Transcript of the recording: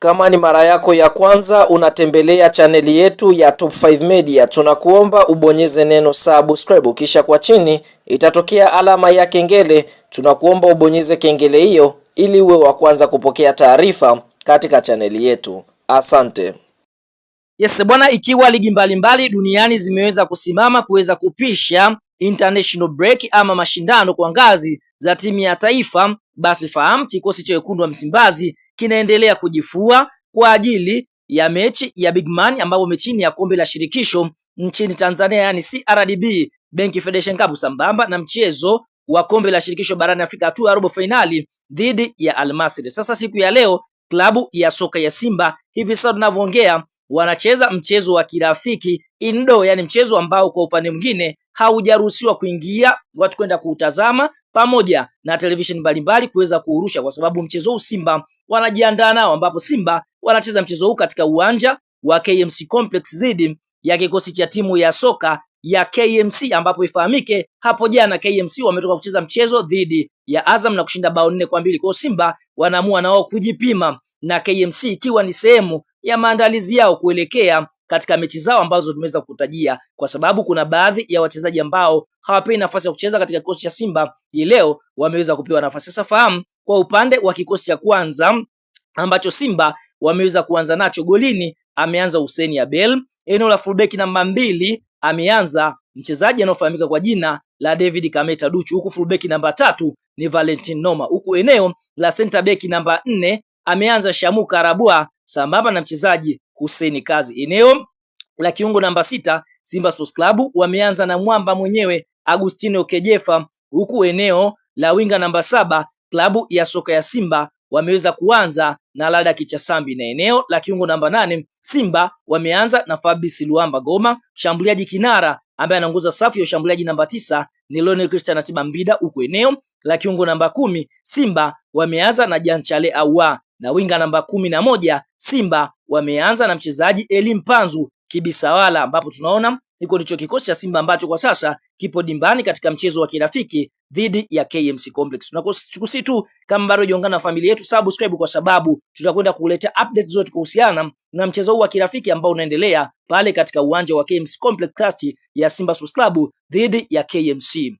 Kama ni mara yako ya kwanza unatembelea chaneli yetu ya Top 5 Media, tunakuomba ubonyeze neno subscribe, kisha kwa chini itatokea alama ya kengele. Tunakuomba ubonyeze kengele hiyo ili uwe wa kwanza kupokea taarifa katika chaneli yetu. Asante. Yes bwana, ikiwa ligi mbalimbali mbali duniani zimeweza kusimama kuweza kupisha international break ama mashindano kwa ngazi za timu ya taifa, basi fahamu kikosi cha wekundu wa Msimbazi kinaendelea kujifua kwa ajili ya mechi ya big man, ambapo mechi ya kombe la shirikisho nchini Tanzania yani CRDB Bank Federation Cup sambamba na mchezo wa kombe la shirikisho barani Afrika hatua ya robo fainali dhidi ya Almasri. Sasa siku ya leo klabu ya soka ya Simba hivi sasa tunavyoongea wanacheza mchezo wa kirafiki indo, yani mchezo ambao kwa upande mwingine haujaruhusiwa kuingia watu kwenda kuutazama, pamoja na televisheni mbalimbali kuweza kuurusha, kwa sababu mchezo huu Simba wanajiandaa nao, ambapo Simba wanacheza mchezo huu katika uwanja wa KMC Complex dhidi ya kikosi cha timu ya soka ya KMC ambapo ifahamike hapo jana KMC wametoka kucheza mchezo dhidi ya Azam na kushinda bao nne kwa mbili. Kwa hiyo Simba wanaamua nao kujipima na KMC ikiwa ni sehemu ya maandalizi yao kuelekea katika mechi zao ambazo tumeweza kutajia, kwa sababu kuna baadhi ya wachezaji ambao hawapewi nafasi ya kucheza katika kikosi cha Simba hii leo wameweza kupewa nafasi. Sasa fahamu kwa upande wa kikosi cha kwanza ambacho Simba wameweza kuanza nacho, golini ameanza Hussein Abel, eneo la fullback namba mbili ameanza mchezaji anayofahamika kwa jina la David Kameta Duchu, huku fullback namba tatu ni Valentin Noma, huku eneo la center back namba nne ameanza Shamu Karabua sambamba na mchezaji Hussein Kazi. Eneo la kiungo namba sita Simba Sports Club wameanza na mwamba mwenyewe Agustino Kejefa, huku eneo la winga namba saba klabu ya soka ya Simba wameweza kuanza na Lada Kichasambi, na eneo la kiungo namba nane Simba wameanza na Fabrice Luamba Goma. Mshambuliaji kinara ambaye anaongoza safu ya ushambuliaji namba tisa ni Lionel Christian Atiba Mbida, huku eneo la kiungo namba kumi Simba wameanza na Janchale Awa, na winga namba kumi na moja Simba wameanza na mchezaji Eli Mpanzu kibisawala, ambapo tunaona hiko ndicho kikosi cha Simba ambacho kwa sasa kipo dimbani katika mchezo wa kirafiki dhidi ya KMC Complex. Tunakusi tu kama bado jiungana na familia yetu, subscribe kwa sababu tutakwenda kuleta update zote kuhusiana na mchezo huu wa kirafiki ambao unaendelea pale katika uwanja wa KMC Complex ya Simba Sports Club dhidi ya KMC.